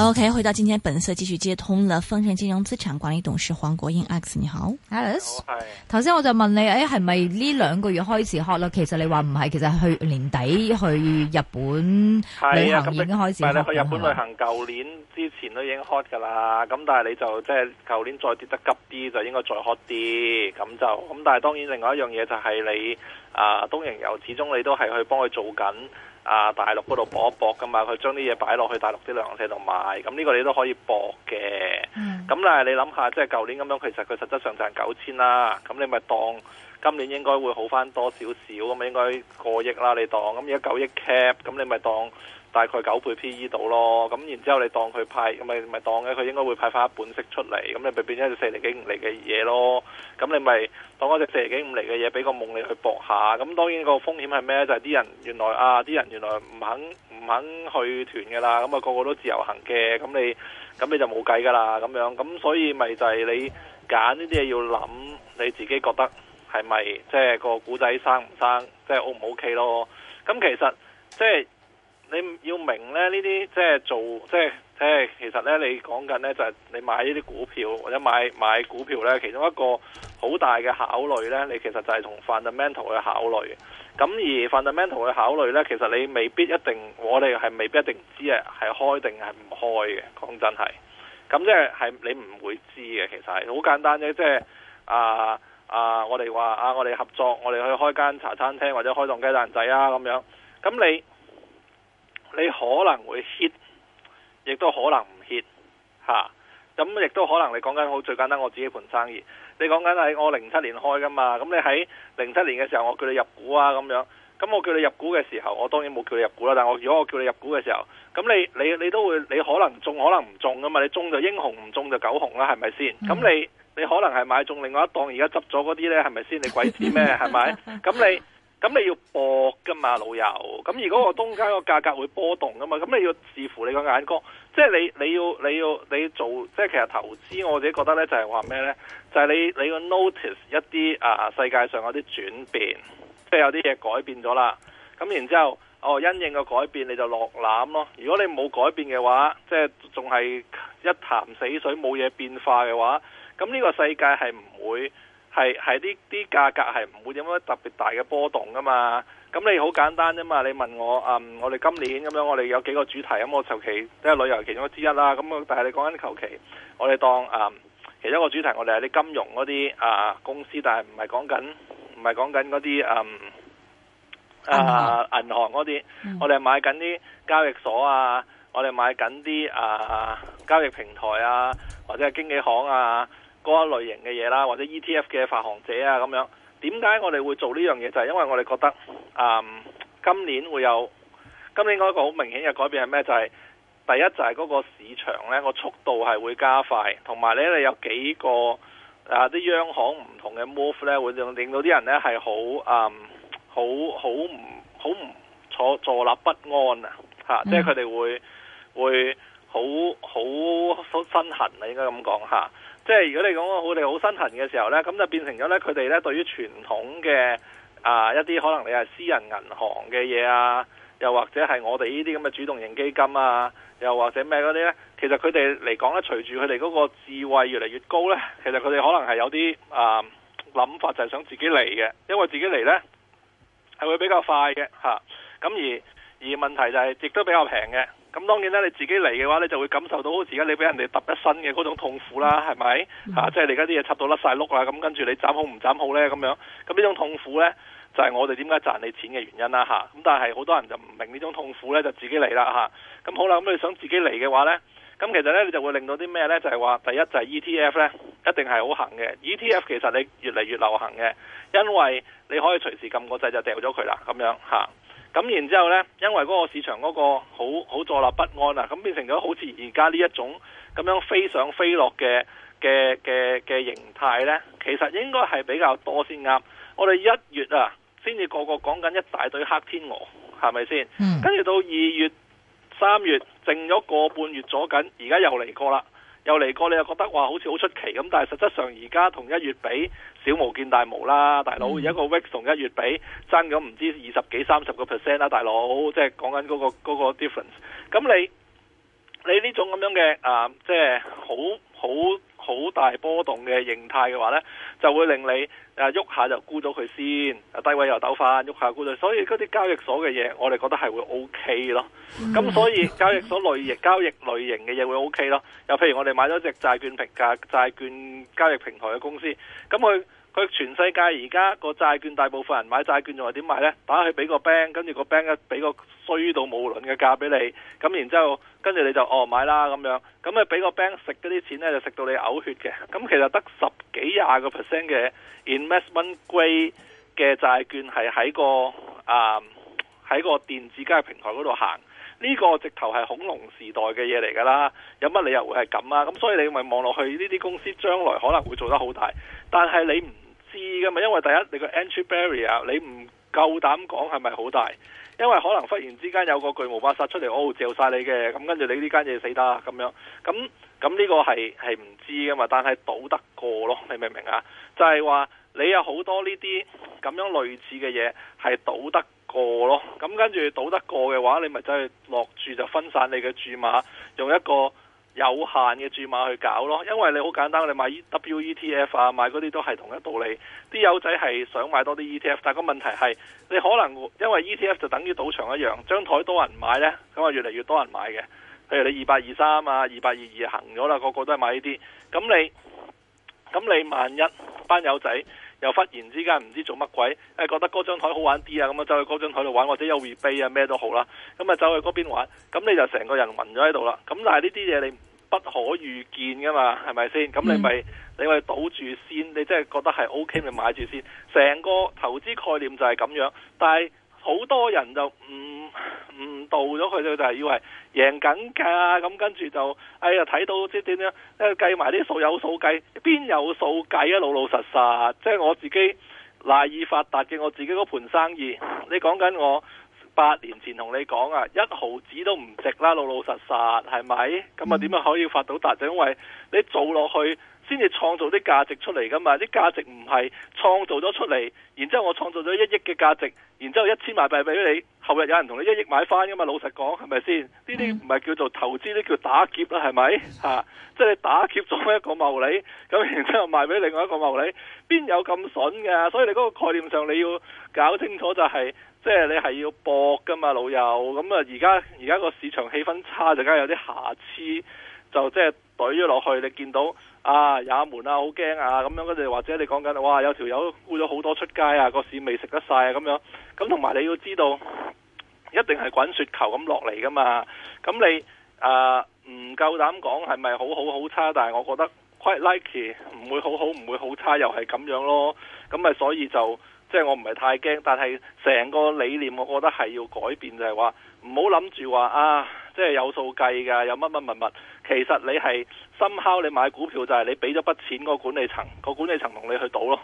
O.K. 回到今天本色繼續接通了，豐盛金融資產管理董事黃國英 Alex 你好，Alex，頭先我就問你，誒係咪呢兩個月開始 hot 咯？其實你話唔係，其實去年底去日本旅行已經開始、啊、去日本旅行。舊年之前都已經 hot 㗎啦。咁但係你就即係舊年再跌得急啲就應該再 hot 啲，咁就咁。但係當然另外一樣嘢就係你啊東瀛遊，始終你都係去幫佢做緊。啊！大陸嗰度搏一搏噶嘛，佢將啲嘢擺落去大陸啲旅行社度賣，咁呢個你都可以搏嘅。咁、嗯、但係你諗下，即係舊年咁樣，其實佢實質上賺九千啦。咁你咪當今年應該會好翻多少少咁，應該過億啦。你當咁而家九億 cap，咁你咪當。大概九倍 P/E 到咯，咁然之後你當佢派咁咪咪當咧，佢應該會派翻一本息出嚟，咁你咪變咗隻四釐幾五釐嘅嘢咯。咁你咪當嗰隻四釐幾五釐嘅嘢俾個夢你去搏下，咁當然個風險係咩咧？就係啲人原來啊，啲人原來唔肯唔肯去團嘅啦，咁啊個個都自由行嘅，咁你咁你就冇計噶啦咁樣，咁所以咪就係你揀呢啲嘢要諗，你自己覺得係咪即係個古仔生唔生，即係 O 唔 O K 咯？咁其實即係。你要明咧呢啲即係做即係即係，即係、即係其實咧你講緊咧就係你買呢啲股票或者買買股票咧，其中一個好大嘅考慮咧，你其實就係同 fundamental 去考慮。咁而 fundamental 去考慮咧，其實你未必一定，我哋係未必一定知啊，係開定係唔開嘅。講真係，咁即係係你唔會知嘅。其實係好簡單嘅，即係、啊啊，我哋話啊，我哋合作，我哋去開間茶餐廳或者開檔雞蛋仔啊咁樣。咁你。你可能會 hit，亦都可能唔 hit，嚇、啊。咁亦都可能你講緊好最簡單，我自己盤生意。你講緊係我零七年開噶嘛？咁你喺零七年嘅時候，我叫你入股啊咁樣。咁我叫你入股嘅時候，我當然冇叫你入股啦。但係我如果我叫你入股嘅時候，咁你你你都會你可能中可能唔中噶嘛？你中就英雄，唔中就狗熊啦，係咪先？咁你你可能係買中另外一檔，而家執咗嗰啲呢，係咪先？你鬼知咩？係咪？咁你。咁你要搏噶嘛，老友。咁如果個東家個價格會波動噶嘛，咁你要視乎你個眼光。即係你你要你要你做，即係其實投資，我自己覺得咧就係話咩咧？就係、是就是、你你要 notice 一啲啊世界上嗰啲轉變，即係有啲嘢改變咗啦。咁然之後，哦因應個改變你就落攬咯。如果你冇改變嘅話，即係仲係一潭死水，冇嘢變化嘅話，咁呢個世界係唔會。係係呢啲價格係唔會有乜特別大嘅波動噶嘛，咁你好簡單啫嘛，你問我，嗯，我哋今年咁樣，我哋有幾個主題，咁、嗯、我求其即係旅遊其中之一啦，咁、嗯、但係你講緊求其，我哋當嗯其中一個主題，我哋係啲金融嗰啲啊公司，但係唔係講緊唔係講緊嗰啲嗯啊銀行嗰啲，嗯、我哋買緊啲交易所啊，我哋買緊啲啊交易平台啊，或者係經紀行啊。嗰一類型嘅嘢啦，或者 ETF 嘅發行者啊咁樣，點解我哋會做呢樣嘢？就係、是、因為我哋覺得，嗯，今年會有今年嗰個好明顯嘅改變係咩？就係、是、第一就係嗰個市場呢個速度係會加快，同埋呢，你有幾個啊啲央行唔同嘅 move 呢，會令到啲人呢係、嗯、好嗯好好唔好唔坐坐立不安啊嚇，即係佢哋會會好好好身痕啊，嗯、應該咁講嚇。啊即係如果你講我哋好身痕嘅時候呢，咁就變成咗呢，佢哋呢對於傳統嘅啊一啲可能你係私人銀行嘅嘢啊，又或者係我哋呢啲咁嘅主動型基金啊，又或者咩嗰啲呢。其實佢哋嚟講呢，隨住佢哋嗰個智慧越嚟越高呢，其實佢哋可能係有啲啊諗法就係想自己嚟嘅，因為自己嚟呢係會比較快嘅嚇，咁、啊、而而問題就係、是、亦都比較平嘅。咁當然啦，你自己嚟嘅話，你就會感受到，好似而家你俾人哋揼一身嘅嗰種痛苦啦，係咪？嚇、 啊，即係你而家啲嘢插到甩晒碌啦，咁跟住你斬好唔斬好呢？咁樣，咁呢種痛苦呢，就係、是、我哋點解賺你錢嘅原因啦，吓、啊，咁但係好多人就唔明呢種痛苦呢，就自己嚟啦，吓、啊，咁、啊、好啦，咁、嗯、你想自己嚟嘅話呢，咁、啊、其實呢，你就會令到啲咩呢？就係、是、話第一就係 ETF 呢，一定係好行嘅。ETF 其實你越嚟越流行嘅，因為你可以隨時撳個掣就掉咗佢啦，咁樣吓。啊啊啊咁然之後呢，因為嗰個市場嗰個好好坐立不安啊，咁變成咗好似而家呢一種咁樣飛上飛落嘅嘅嘅嘅形態呢，其實應該係比較多先啱。我哋一月啊，先至個個講緊一大堆黑天鵝，係咪先？跟住、嗯、到二月、三月，靜咗個半月左右，而家又嚟過啦。又嚟過，你又覺得話，好似好出奇咁，但係實質上而家同一月比，小毛見大毛啦，大佬而家個 Vix 同一月比，增咗唔知二十幾、三十個 percent 啦，大佬，即係講緊嗰個 difference。咁、那個、你你呢種咁樣嘅啊、呃，即係好好。好大波動嘅形態嘅話呢，就會令你啊喐、呃、下就沽咗佢先，低位又抖翻，喐下沽咗，所以嗰啲交易所嘅嘢，我哋覺得係會 OK 咯。咁所以交易所類型交易類型嘅嘢會 OK 咯。又譬如我哋買咗隻債券，平價債券交易平台嘅公司，咁佢。佢全世界而家個債券，大部分人買債券仲係點買咧？打去俾個 bank，跟住個 bank 俾個衰到冇輪嘅價俾你，咁然之後跟住你就哦買啦咁樣，咁咪俾個 bank 食嗰啲錢咧，就食到你嘔血嘅。咁其實得十幾廿個 percent 嘅 investment grade 嘅債券係喺個啊喺個電子交易平台嗰度行，呢個直頭係恐龍時代嘅嘢嚟噶啦！有乜理由會係咁啊？咁所以你咪望落去呢啲公司將來可能會做得好大，但係你唔～知噶嘛？因為第一，你個 entry barrier 你唔夠膽講係咪好大，因為可能忽然之間有個巨無霸殺出嚟，哦，掉晒你嘅，咁跟住你呢間嘢死得咁樣，咁咁呢個係係唔知噶嘛，但係賭得過咯，你明唔明啊？就係話你有好多呢啲咁樣類似嘅嘢係賭得過咯，咁跟住賭得過嘅話，你咪真係落注，就分散你嘅注碼，用一個。有限嘅注碼去搞咯，因為你好簡單，你買 W E T F 啊，買嗰啲都係同一道理。啲友仔係想買多啲 E T F，但係個問題係，你可能因為 E T F 就等於賭場一樣，張台多人買呢，咁啊越嚟越多人買嘅。譬如你二八二三啊，二八二二行咗啦，個個都係買呢啲，咁你咁你萬一班友仔。又忽然之間唔知做乜鬼，誒、哎、覺得嗰張台好玩啲啊，咁啊走去嗰張台度玩，或者有 replay 啊咩都好啦，咁啊走去嗰邊玩，咁你就成個人暈咗喺度啦。咁但係呢啲嘢你不可預見噶嘛，係咪先？咁你咪、嗯、你咪賭住先，你真係覺得係 OK 咪買住先，成個投資概念就係咁樣。但係好多人就唔～到咗佢就以為贏緊㗎，咁跟住就哎呀睇到即係點樣？誒計埋啲數有數計，邊有數計啊？老老實實，即係我自己賴以發達嘅我自己嗰盤生意。你講緊我八年前同你講啊，一毫子都唔值啦，老老實實係咪？咁啊點樣可以發到達？就因為你做落去。先至創造啲價值出嚟㗎嘛？啲價值唔係創造咗出嚟，然之後我創造咗一億嘅價值，然之後一千萬賣俾你，後日有人同你一億買翻㗎嘛？老實講係咪先？呢啲唔係叫做投資，呢叫打劫啦，係咪嚇？即係你打劫咗一個茂利，咁然之後賣俾另外一個茂利，邊有咁筍㗎？所以你嗰個概念上你要搞清楚，就係，就係即係你係要搏㗎嘛，老友咁啊！而家而家個市場氣氛差，就梗係有啲瑕疵，就即係懟咗落去，你見到。啊，也悶啊，好驚啊，咁樣嗰陣，或者你講緊哇，有條友沽咗好多出街啊，個市未食得晒啊，咁樣，咁同埋你要知道，一定係滾雪球咁落嚟噶嘛，咁你啊唔、呃、夠膽講係咪好好好差，但係我覺得 quite likely，唔會好好，唔會好差，又係咁樣咯，咁咪所以就即係、就是、我唔係太驚，但係成個理念，我覺得係要改變，就係話唔好諗住話啊，即、就、係、是、有數計㗎，有乜乜乜乜。其實你係深敲你買股票就係你俾咗筆錢嗰、嗰個管理層，個管理層同你去賭咯，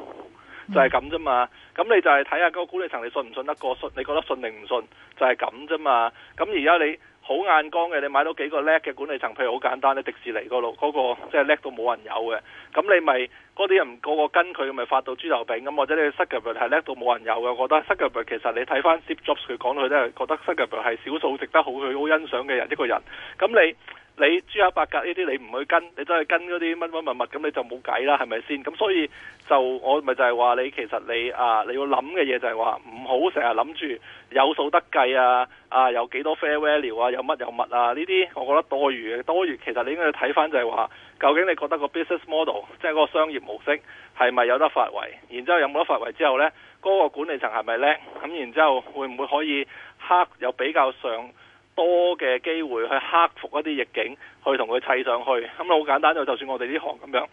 就係咁啫嘛。咁你就係睇下個管理層你信唔信得過，信你覺得信定唔信，就係咁啫嘛。咁而家你好眼光嘅，你買到幾個叻嘅管理層，譬如好簡單，你迪士尼嗰度嗰個即係叻到冇人有嘅，咁你咪嗰啲人個個跟佢咪發到豬頭炳咁，或者你去塞吉伯係叻到冇人有嘅，我覺得塞吉伯其實你睇翻 Steve Jobs 佢講佢都係覺得塞吉伯係少數值得好佢好欣賞嘅人一個人，咁你。你朱家八甲呢啲你唔去跟，你都係跟嗰啲乜乜物物咁你就冇計啦，係咪先？咁所以就我咪就係話你其實你啊你要諗嘅嘢就係話唔好成日諗住有數得計啊，啊有幾多 fair value 啊，有乜有乜啊呢啲，我覺得多餘嘅多餘。其實你應該要睇翻就係話，究竟你覺得個 business model 即係嗰個商業模式係咪有得發圍？然之後有冇得發圍之後呢，嗰個管理層係咪叻？咁然之後會唔會可以黑有比較上？多嘅機會去克服一啲逆境，去同佢砌上去。咁啊好簡單就，就算我哋呢行咁樣，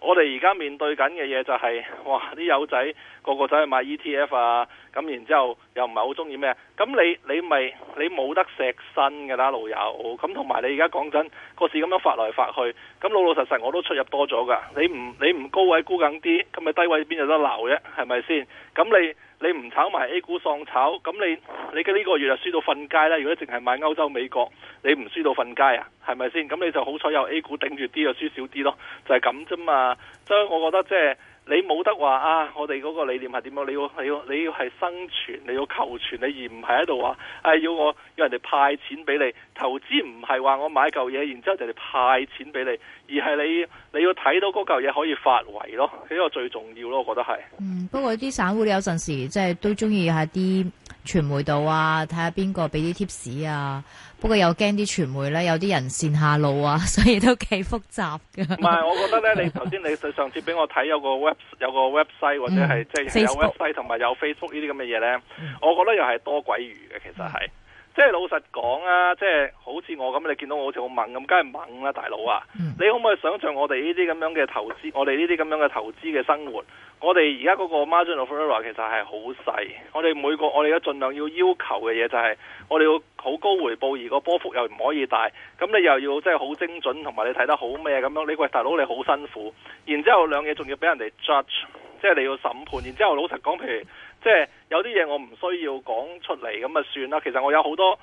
我哋而家面對緊嘅嘢就係、是，哇啲友仔個個走去買 ETF 啊，咁然之後又唔係好鍾意咩？咁你你咪你冇得錫身嘅啦，老友，咁同埋你而家講真個市咁樣發來發去，咁老老實實我都出入多咗噶，你唔你唔高位沽緊啲，咁咪低位邊有得鬧啫、啊，係咪先？咁你。你唔炒埋 A 股喪炒，咁你你嘅呢個月就輸到瞓街啦！如果淨係買歐洲美國，你唔輸到瞓街啊，係咪先？咁你就好彩有 A 股頂住啲，又輸少啲咯，就係咁啫嘛。所以，我覺得即係。你冇得話啊！我哋嗰個理念係點啊？你要你要你要係生存，你要求存，你而唔係喺度話係要我要人哋派錢俾你。投資唔係話我買嚿嘢，然之後人哋派錢俾你，而係你你要睇到嗰嚿嘢可以發圍咯，呢個最重要咯，我覺得係。嗯，不過啲散戶你有陣時即係都中意下啲。傳媒度啊，睇下邊個俾啲 tips 啊，不過又驚啲傳媒咧，有啲人線下路啊，所以都幾複雜嘅。唔係，我覺得咧， 你頭先你上次俾我睇有個 web 有個 website 或者係即係有 website 同埋、嗯、有 Facebook 呢啲咁嘅嘢咧，嗯、我覺得又係多鬼魚嘅，其實係。嗯即係老實講啊，即係好似我咁，你見到我好似好猛咁，梗係猛啦，大佬啊！你可唔可以想像我哋呢啲咁樣嘅投資？我哋呢啲咁樣嘅投資嘅生活，我哋而家嗰個 margin of error 其實係好細。我哋每個我哋而家盡量要要求嘅嘢就係，我哋要好高回報，而個波幅又唔可以大。咁你又要即係好精準，同埋你睇得好咩咁樣你？你喂，大佬，你好辛苦，然之後兩嘢仲要俾人哋 judge，即係你要審判。然之後老實講，譬如。即係有啲嘢我唔需要講出嚟，咁咪算啦。其實我有好多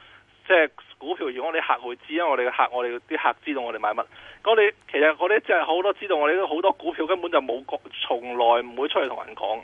即係股票，如果我哋客會知，因為我哋嘅客，我哋啲客知道我哋買乜。我哋其實嗰啲即係好多知道我哋都好多股票根本就冇講，從來唔會出去同人講。